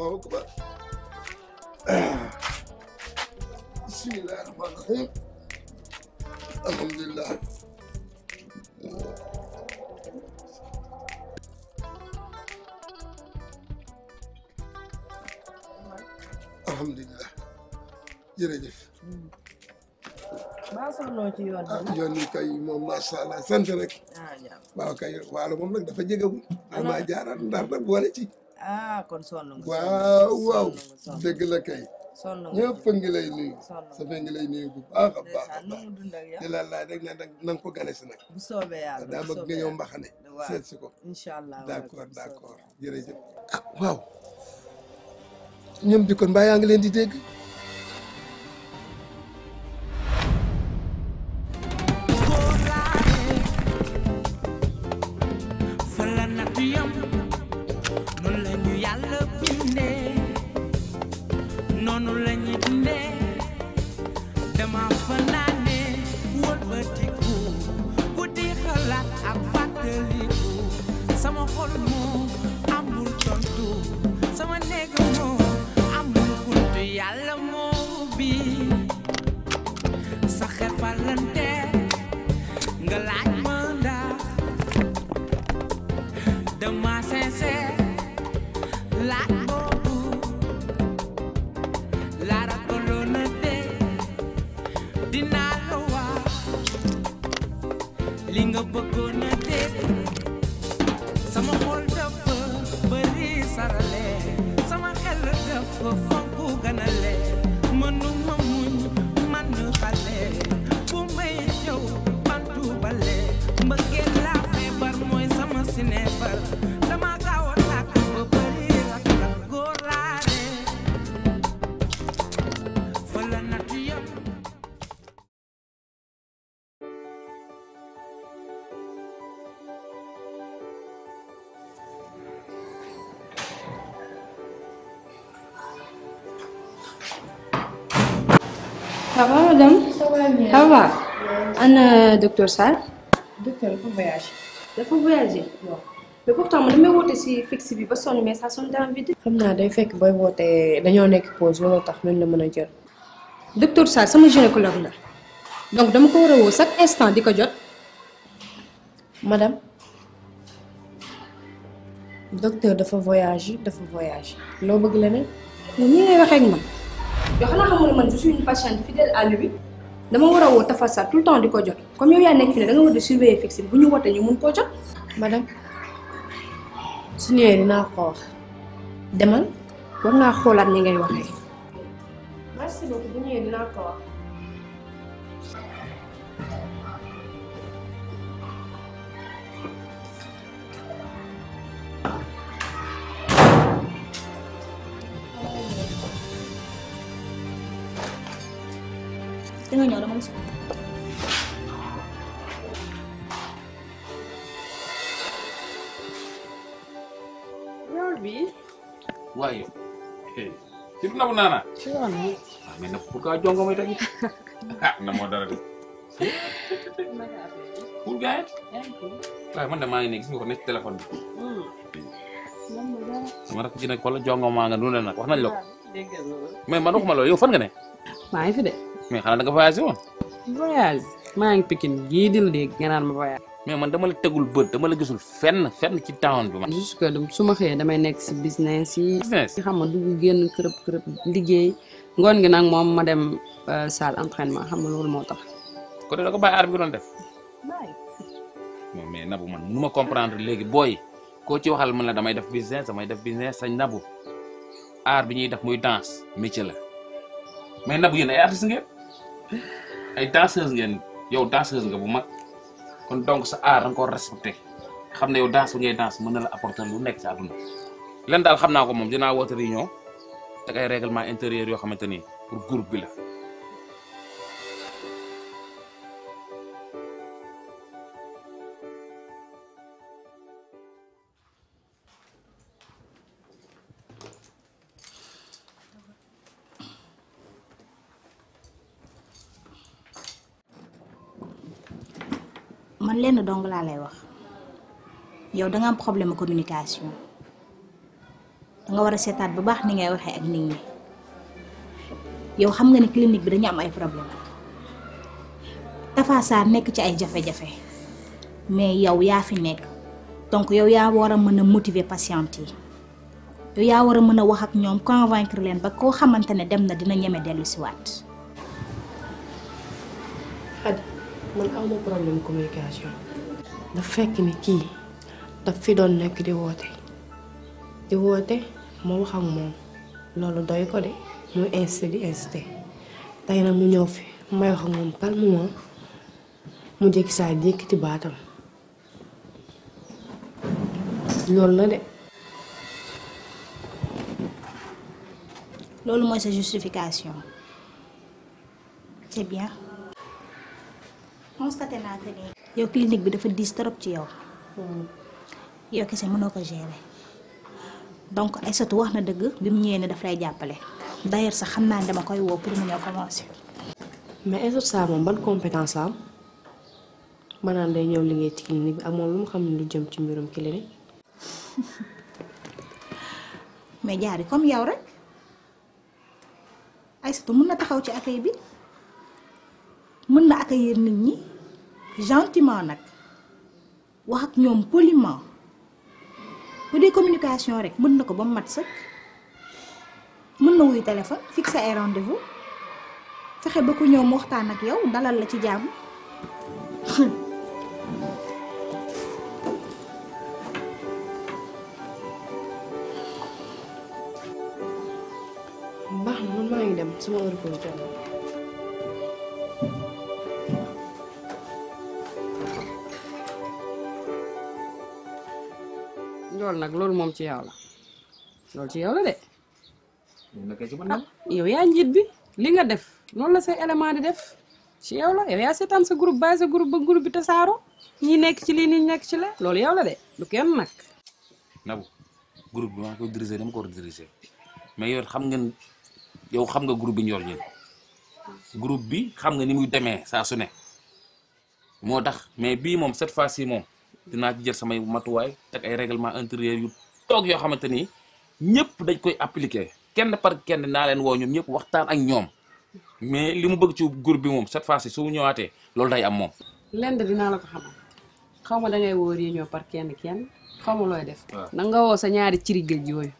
Allahu akbar bismillahi rahmani alhamdulillah alhamdulillah jërëjëf baasuloo ci yoon bi ah, yoon rek ah, waaw kay waalo moom nag dafa jegewul maa jaaraat ndar nag boole ci ah kon sonn nga waaw waaw dëgg la kay. sonn sa ngi lay bu baax a baax a baax. di la laaj rek ko gane si bu soobee yàlla daa mag nga ñëw seet si ko. incha allah d' accord d' accord di kon mbaa yaa ngi leen di dégg. noonu lañuy dundee dama fa هاو انا دكتور سعد دكتور كيف بياجي دكتور بياجي دكتور تام لما ووتي سي فيكسي بي باسون مي سا سون دام بيد خمنا داي فيك باي ووتي دا نيو نيك بوز ولا تخمن لما نجر دكتور سعد سما جينيكولوج لا دونك دام كو وراو ساك انستان ديكو جوت مدام دكتور دا فا فواياجي دا فا فواياجي لو بغلاني ني ني واخ اك ما جوخنا خمول مان جو سوي اون باشانت فيدل ا لوي dama war a woo Tafa Sarr tout le temps di ko jot comme yow yaa nekk fi ne da nga war di surveiller fixe bu ñu wootee ñu mun koo jot. madame su ñëwee dinaa ko wax demal war ngaa xoolaat ni ngay waxee. merci beaucoup bu ñëwee xaw naa na. ci waaw mais nag na moo dara de. pour gars waaye maa ne gis nga ko nekk téléphone bi. Hmm. Hmm. sama rakk ji nag wala jongo maa nga dundal wax nañ la ko. Ah, mais nga ne. maa de. mais xanaa da nga voyagé woon. voyage maa ngi Pikine nga naan ma voyage. mais man dama la tegul beut dama la gisul fenn fenn ci town bi man jusque dum suma ma damay nek ci business yi business xam nga dugu genn kërëp kërëp liggéey ngon gi nak mom ma dem euh, salle entraînement xam nga lool mo tax ko do ko bay aar doon def bay mais nabu man numa comprendre léegi boy ko ci waxal man la damay def business damay def business sañ nabu aar bi ñuy def muy danse métier la mais nabu yéen ay artiste ngeen ay danseuse ngeen yow danseuse nga bu mag kon donc sa aar danga ko respecté xam ne yow danse bi ngay danse mën na la apporter lu nekk ci àdduna len daal xam naa ko moom dinaa woote réunion ak ay règlement intérieur yoo xamante ni pour groupe bi la man lenn dong la lay wax yow da nga am problème communication da nga wara sétat bu baax ni ngay waxe ak nit ñi yow xam nga ni clinique bi dañu am ay problème tafasa nek ci ay jafe-jafe mais yow ya fi nek donc yow ya wara mëna motiver patient yi yow ya wara mëna wax ak ñom convaincre len ba ko xamantene dem na dina delu ci wat Hadi. man awma problème communication daf fekk ni kii daf fi doon nekk di woote di woote ma wax moom loolu doy ko de muy insisté di insisté tey nag mu ñëw fi may wax moom par moment mu jékki saa jékkiti baatam loolu la de loolu mooy sa justification constaté naa que ni. yow clinique bi dafa diis trop ci yow. Hmm. yow kese mënoo ko gérer. donc ay Aïssatou wax na dëgg bi mu ñëwee ne dafay jàppale. d'ailleurs sax xam naa ne dama koy woo pour mu ñëw commencé. mais Aïssatou Sarr moom ban compétence la am maanaam day ñëw liggéey ci clinique bi ak moom lu mu xam ne lu jëm ci mbirum clinique. mais yi comme yow rek Aïssatou mun na taxaw ci accueil bi. mën na accueillir nit ñi gentiment nag wax ak ñoom poliment bu dee communication rek mën na ko ba mu mat sëkk mën na wuy téléphone fixer ay rendez-vous fexe ba ku ñëw waxtaan ak yow dalal la ci jàmm. baax na man maa ngi dem sama heure boobu loolu nag loolu moom ci yow la ci yow la de. yow yaa njiit bi li nga def noonu la say élément di def ci yow la yow seetaan sa groupe bàyyi sa groupe ba groupe bi tasaaro ñi nekk ci lii ñi nekk ci la loolu yow de du kenn nag. Nabou groupe bi maa ko diriger dama ko war mais yow xam ngeen yow xam nga groupe bi ñu yor groupe bi xam nga ni muy demee saa su ne moo tax mais bii moom cette fois ci moom. dina ci jël samay matuwaay teg ay règlement intérieur yu tok yo xamanteni ñepp dañ koy appliquer kenn par kenn na len wo ñom ñepp waxtaan ak ñom mais limu bëgg ci groupe bi mom cette fois ci su ñëwaaté lool day am mom lende dina la ko xamal xawma da ngay woor yi ñoo par kenn kenn xawma loy def. na nga wo sa ñaari ciri géej yooyu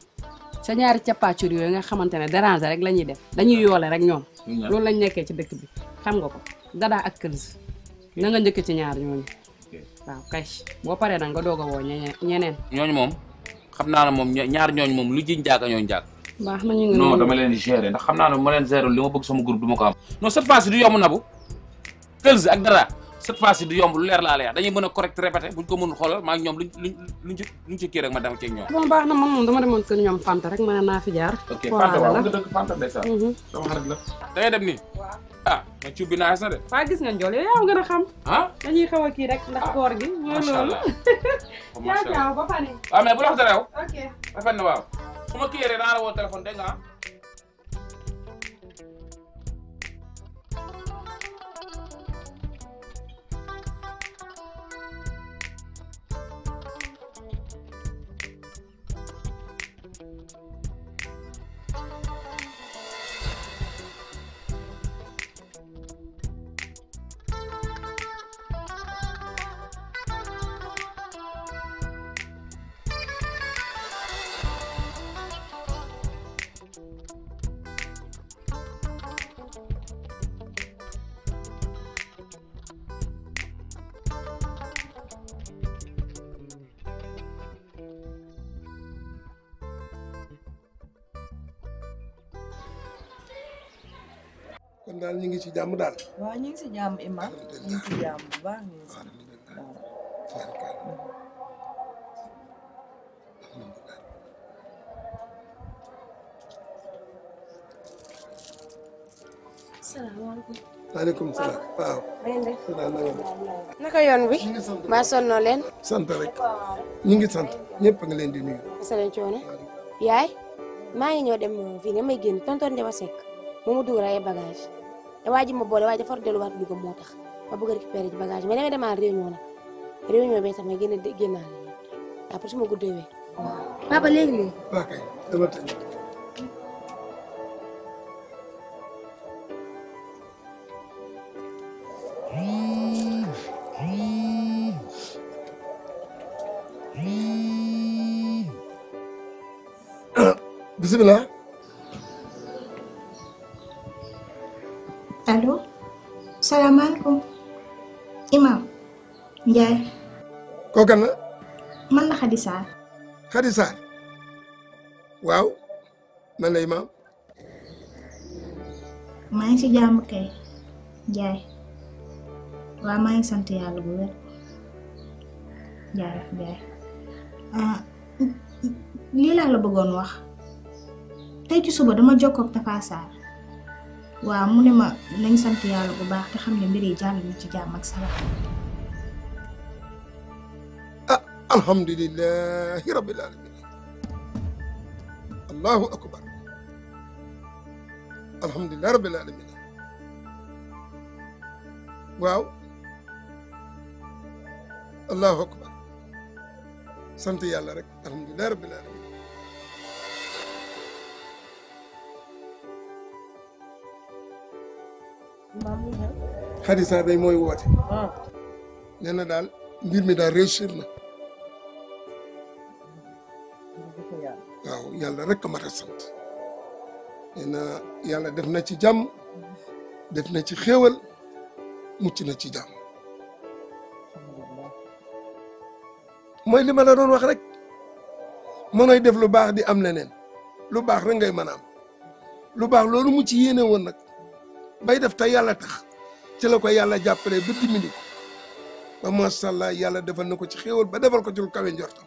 sa ñaari ci pature yooyu nga xamantene ne déranger rek lañuy def dañuy yolé rek ñom loolu lañ nekké ci dëkk bi xam nga ko dada ak këls na nga ñëkk ci ñaar ñooñu waaw kay boo paree nag nga doog a woo ñeneen ñooñu moom xam naa ne moom ñaar ñooñu moom lu jiñ jàkk ñooñu jàkk baax na ñu ngi non dama leen di gérer ndax xam naa ne ma leen gérer li ma bëgg sama groupe du ma ko am non cette fois ci du yomb na bu këls ak dara cette fois du yomb lu leer laa lay wax dañuy mën a correct répété buñ ko mënul xoolal maa ngi ñoom luñ luñ luñ ci luñ ci kii rek ma dem ci ñoom bon baax na man moom dama demoon kër ñoom Fanta rek ma ne naa fi jaar ok Fanta waaw nga dëgg Fanta ndeysaan mhm. sama xarit la da dem nii waaw ah mais cuub bi naaj na de. waaw gis nga njool yow yaa gën a xam. ah dañuy xaw a kii rek ndax ah, koor gi. macha allah mooy loolu. macha allah yaa ba pare. waaw ah, mais bu la wax dara yow. ok rafet na waaw. su ma kii yore naa la woo téléphone dégg nga kon daal ñu ngi ci jàmm daal. waaw ñu ngi ci jàmm Imaam ci rek Ñi ngi sant Ñepp nga len di nuyu. asalaamaaleykum coono yaay ma ngi ñëw dem fi ne may tonton Demba sek. mu mu raay bagage waji waa ji ma boole waa ji dafa war a delluwaat Louga moo tax ma bëgg a récupérer bagage mais dama dama réunion nag réunion bi sax gën gëna gëna la pour suma guddé wé papa légui ni waaw dama tan Bismillah. allo salaamaaleykum imaam Ndiaye. kooku kan man la Khady Sarr. Khady Sarr waaw man la imaam. maa ngi ci jàmm kay Ndiaye waaw maa ngi sant yàlla bu wér jaaraf Ndiaye ah lii laa la bëggoon wax tey ci suba dama jokkoog Tafa Sarr. waaw mu ne ma nañ sant yàlla bu baax te xam ne mbir yi jàll na ci jàmm ak salaam. ah alhamdulilah rabbil alamin allahu akbar alhamdulilah rabbil alamin waaw allahu akbar sant yàlla rek alhamdulilah rabbil alamin xarit Sarr day mooy woote. Ah. nee na daal mbir mi daal réussir na. waaw yàlla rek a mat na yàlla def na ci jàmm def na ci xéewal mucc na ci jàmm. mooy li ma la doon wax rek mënoy def lu baax di am leneen lu baax rek ngay mën a am lu baax loolu mu ci yéene woon nag. bay def te yàlla tax ci la ko yàlla jàppale ba dimbali ba macha yàlla defal na ko ci xéewal ba defal ko ci lu kawe njortam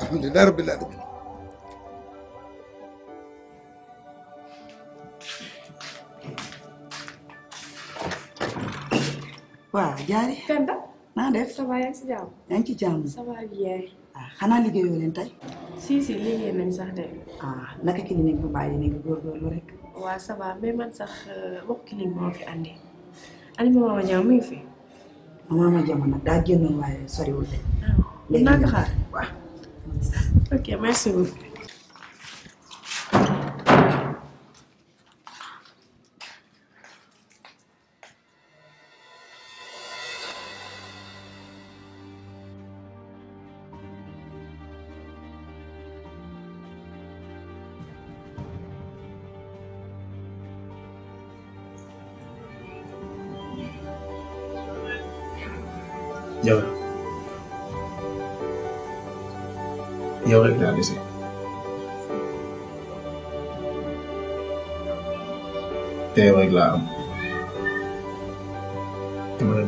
alhamdulilah rabbil alamin waaw jaari naa def ça yaa ngi ah, si si liggéey nañ sax de ah naka ni nekk bu rek waa ça va mais man sax euh, mbokk yi moo fi andi ani ma maama Diaw mi ngi fi. maama Diaw nag daa génnoon waaye soriwul de. Ah, léegi xaar waaw. ok merci beaucoup. yow Ya rek laa dese te yow rek laa am dama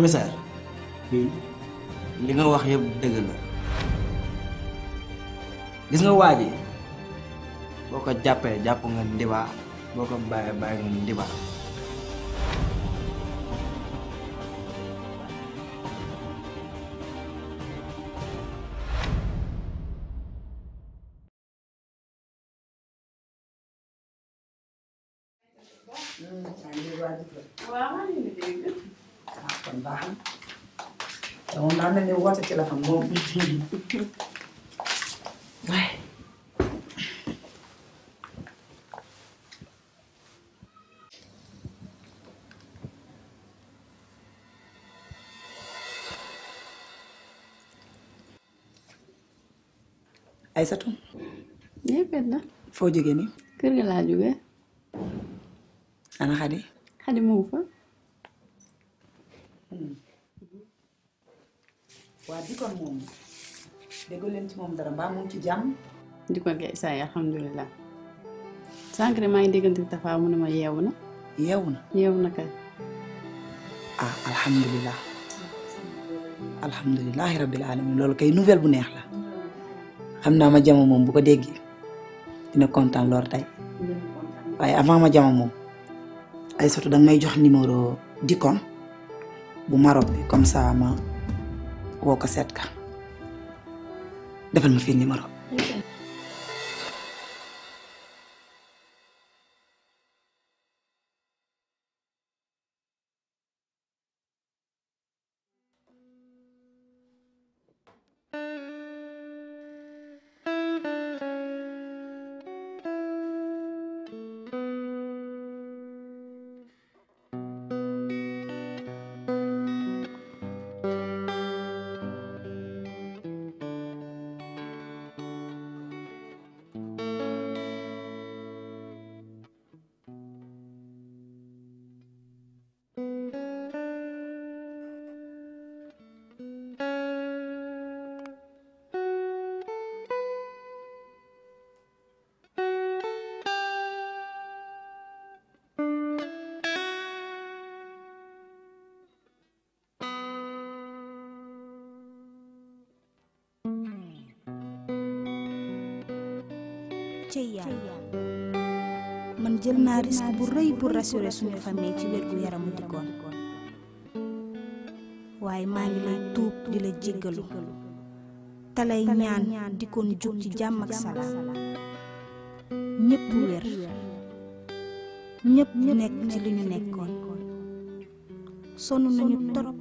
commissaire li nga wax yëpp dëgg la gis nga waa ji boo ko jàppee jàpp nga ndiba boo ko bàyyee bàyyi nga ndiba mel na ni kamu. téléphone moom tuh? Aysatu betul. pet na foo juga ni kër ga laa jógee waa Dikoon moom ci moom dara mbaa moom ci jàmm. Dikoon kay saa yi alhamdulilah. sànq maa ngi déggante Tafa mu ne ma yeewu na. yeewu na yeewu na kay. ah alhamdulilah. alhamdulilah rabbil alamin loolu kay nouvelle bu neex la. xam naa ma jama moom bu ko déggee dina kontaan lool tey. waaye avant ma jama moom. ay soto danga may jox numéro Dikoon bu Maroc bi comme ça ma. وكساتك دبل ما فيني مرة thank you ceya man jël naa risque bu rëy pour rassurer suñu famille ci wér gu yaramu dikoon waaye maa ngi lay tuub di la jéggalu talay ñaan di dikoon jug ci jàmm ak sala ñépp wér ñépp nekk ci li ñu nekkoon sonu nañu torop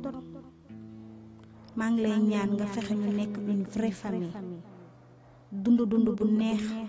maa ngi lay ñaan nga fexe ñu nekk une vraie famille dund dund bu neex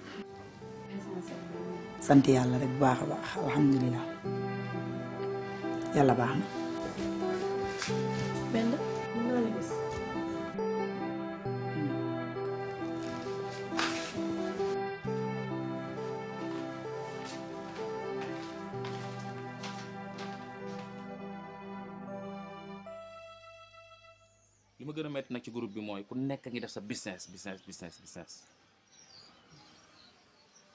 sant yàlla rek bu baax a alhamdulilah yàlla baax na. benn noonu la gis. li ma gën a metti nag ci groupe bi mooy ku nekk ngi def sa business business business business.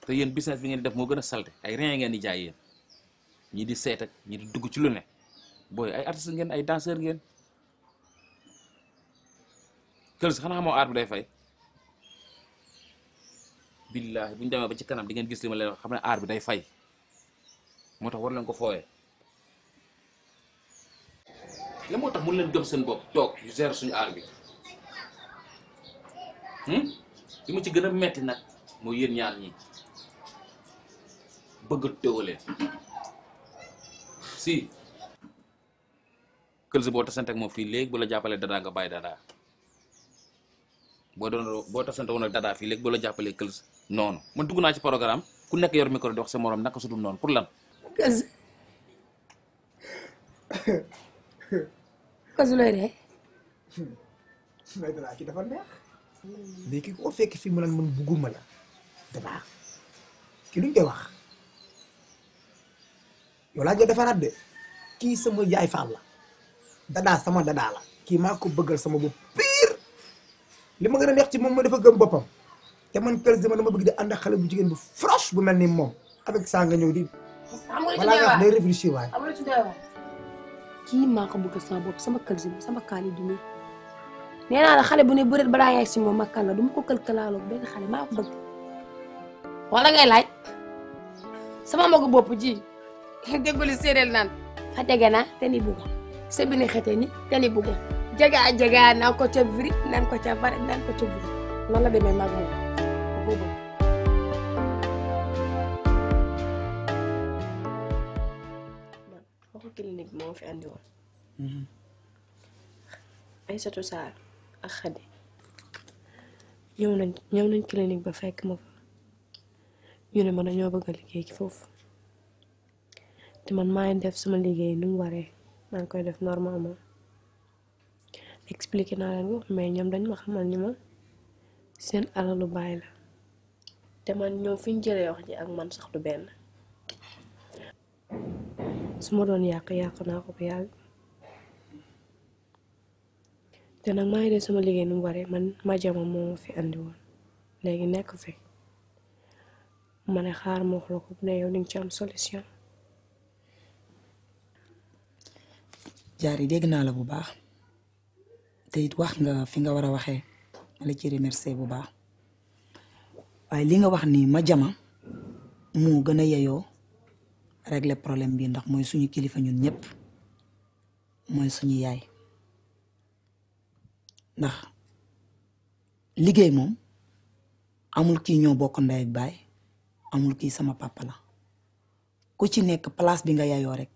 te yéen business bi ngeen def moo gën a salte ay rien ngeen di jaay yéen ñii di seet ñii di dugg ci lu ne booy ay artiste ngeen ay danseur ngeen kër xanaa xamoo aar bi day fay billahi bu demee ba ci kanam di ngeen gis li ma leen xam ne aar bi day fay moo tax war leen ko fooyee la moo tax mun leen gëm seen bopp toog gère suñu aar bi hmm? li ma ci gën a metti nag mooy yéen ñaar ñi bëgg teewaleen si kël boo tasante ak moom fii léegi bu la jàppalee dadaa nga dadaa boo doon boo tasante woon ak dadaa fii léegi bu jàppalee kël noonu man dugg naa ci programme ku nekk yor micro di wax sa morom naka su dul noonu pour lan këls looy dee looy ko fekk fii mu naan man bugguma la dadaa ki luñ koy yow la joo defarat de ki sama yaay faal la dada sama dada la ki ma ko bëggal sama bu pire lima gëna neex ci mom mo dafa gëm bopam té man Kër Zima dama bëgg di and xalé bu jigen bu fresh bu melni mom avec sa nga ñëw di. wala nga day réfléchir waaye. ko bëgg sama bop sama Kër Zima sama kali du ni néna la xalé bu ne bëreet da yaay ci mom makkaan la du ko këlkalaaloog benn xale ko bëgg wala ngay laaj sama magu bop ji. déggoli séeréer naan fategana tani bugo sebini xeteni tani bugo jega a jega nan ko cobiri nan ko cabare nan ko cobiri noon la demee maag moom bugo waxu clinique fi andi woon mm-hmm. Aïssatou Sarr ak Khady ñëw nañ ñëw nañ clinique ba fekk ma fa ñu ne ma dañoo bëgg a liggéey ci foofu teman main def sama liggéey nu mu waree maa ngi koy def normalement expliqué naa leen ko mais ñoom dañ ma xamal ni ma seen lu baay la te man ñoom fi ñu jëlee wax ji ak man sax du benn su ma doon yàq yàq ko bu yàgg te nag maa ngi def sama liggéey nu mu man ma jama moo fi andi woon léegi nekk fi ma ne xaar ma wax ko ne yow di nga ci am solution. jaar yi dégg naa la bu baax te it wax nga fi nga war a waxee ma la ci remercier bu baax waaye li nga wax nii ma jama moo gën a yeyoo régler problème bi ndax mooy suñu kilifa ñun ñëpp mooy suñu yaay ndax liggéey moom amul kii ñoo bokk ndey ak baay amul ki sama papa ku ci nekk place bi nga yayoo rek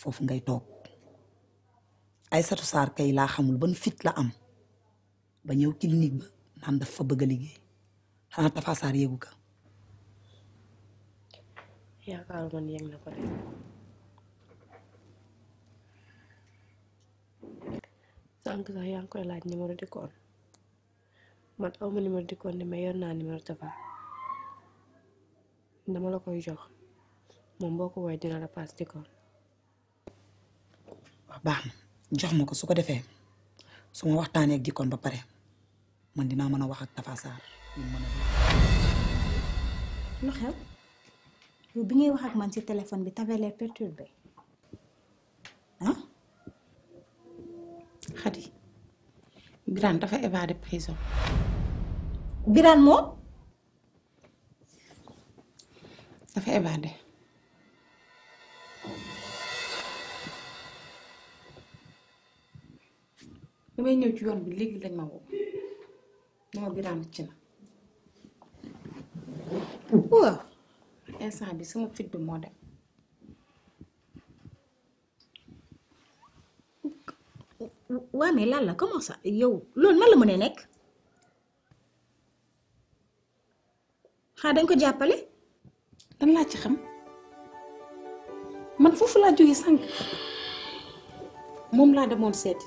foofu ngay toog Aysatu Saar kay laa xamul ban fit la am ba ñëw clinique ba naan dafa fa bëgg a liggéey xanaa Tafa Saar yéegu ka yaakaaruma ni yëg na ko de sànq sax yaa ngi koy laaj numéro Dikoon man aw ma numéro Dikoon ne mais yor naa numéro Tafa dama la koy jox moom boo ko woowee dina la paas Dikoon. waaw baax jox mako suko defé suma waxtane ak dikon ba paré man dina mëna wax ak tafasar ñu mëna lu xew yow bi ngay wax ak man ci téléphone bi perturbé ah. xadi biran dafa évader prison. biran mo dafa évader damay ñëw ci yoon bi léegi lañ ma woo dama biraam ci na waaw instant bi sama fit bi moo dem waa mais lan la comment yow loolu nan la mën nekk xaa dañ ko jàppale dan laa ci xam man foofu laa jógee sànq moom laa demoon seeti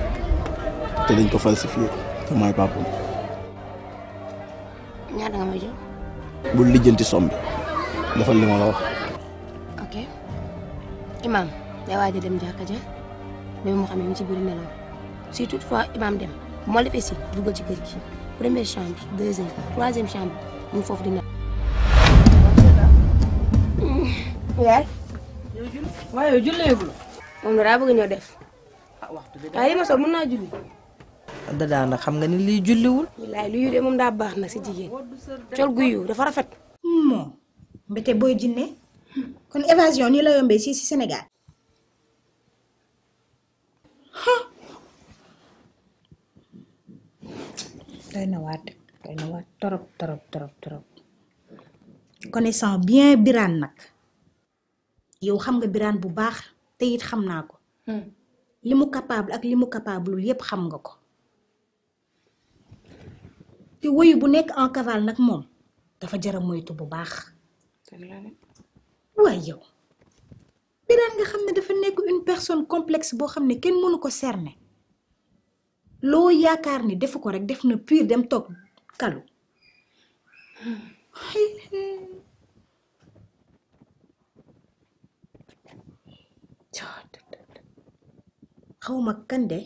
te dañ ko falsifié te maay papaam. ñaata nga ma jox. bul lijjanti somme bi defal li ma la wax. ok imaam day waaj a dem jàkka ja mais mu xam ne mu ci biir nelaw si toutefois imaam dem moo lëkkee si ci kër gi première chambre deuxième troisième mu ngi foofu di nelaw. waaye yow la daa bëgg ñoo def. ah waxtu bi waaye li ma soog mën naa julli. dadaa nag xam nga ni lii julliwul. wallaay lu yu moom daa baax nag si jigéen col gu dafa rafet. moom mbete booy jinne kon évasion nii la yombee si si Sénégal. doy na waat doy na torop torop torop torop connaissant bien Birane nag yow xam nga biraan bu baax te xam naa ko. Hmm. li mu capable ak li mu capable yépp xam nga ko. te woyu bu nek en cavale nak mom dafa jara moytu bu bax wa yow biran nga xamné dafa nek une personne complexe bo xamné ken mënu ko cerner lo yaakaar ni defu ko rek def na pur dem tok kalu xawma kan de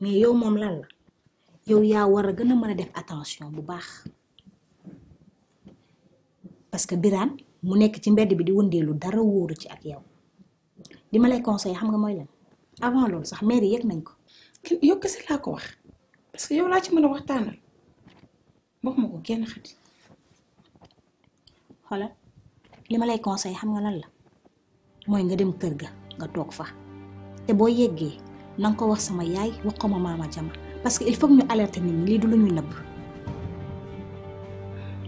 mais yow mom lan la yow yaa war a gën a mën a def attention bu baax parce que Birane mu nekk ci mbedd bi di wëndeelu dara wóoru ci ak yow li ma lay conseil xam nga mooy lan avant loolu sax mairie yëg nañ ko. yokk kese laa ko wax parce que yow laa ci mën a waxtaanal wax ma ko li ma lay xam nga lan la mooy nga dem kër ga nga toog fa te boo yeggee na ko wax sama yaay wax maam ma maama parce qu'il faut que nous alerter nous, les douleurs nous n'abus.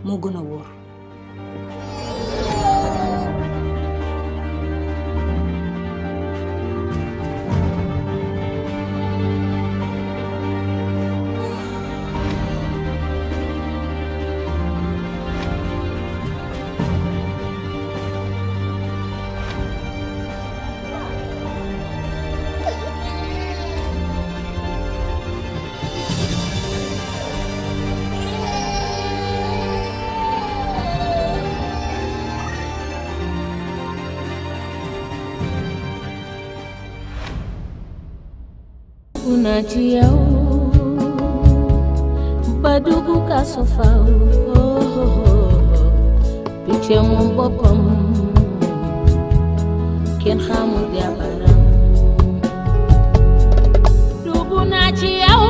Mon gonavour. tunajia badugu kasofa oh, oh, oh. piche mum boppam kenn xamul yabaram dugu naa ci yow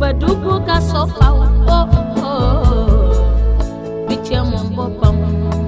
badugu kasofa oh, oh, piche mum boppam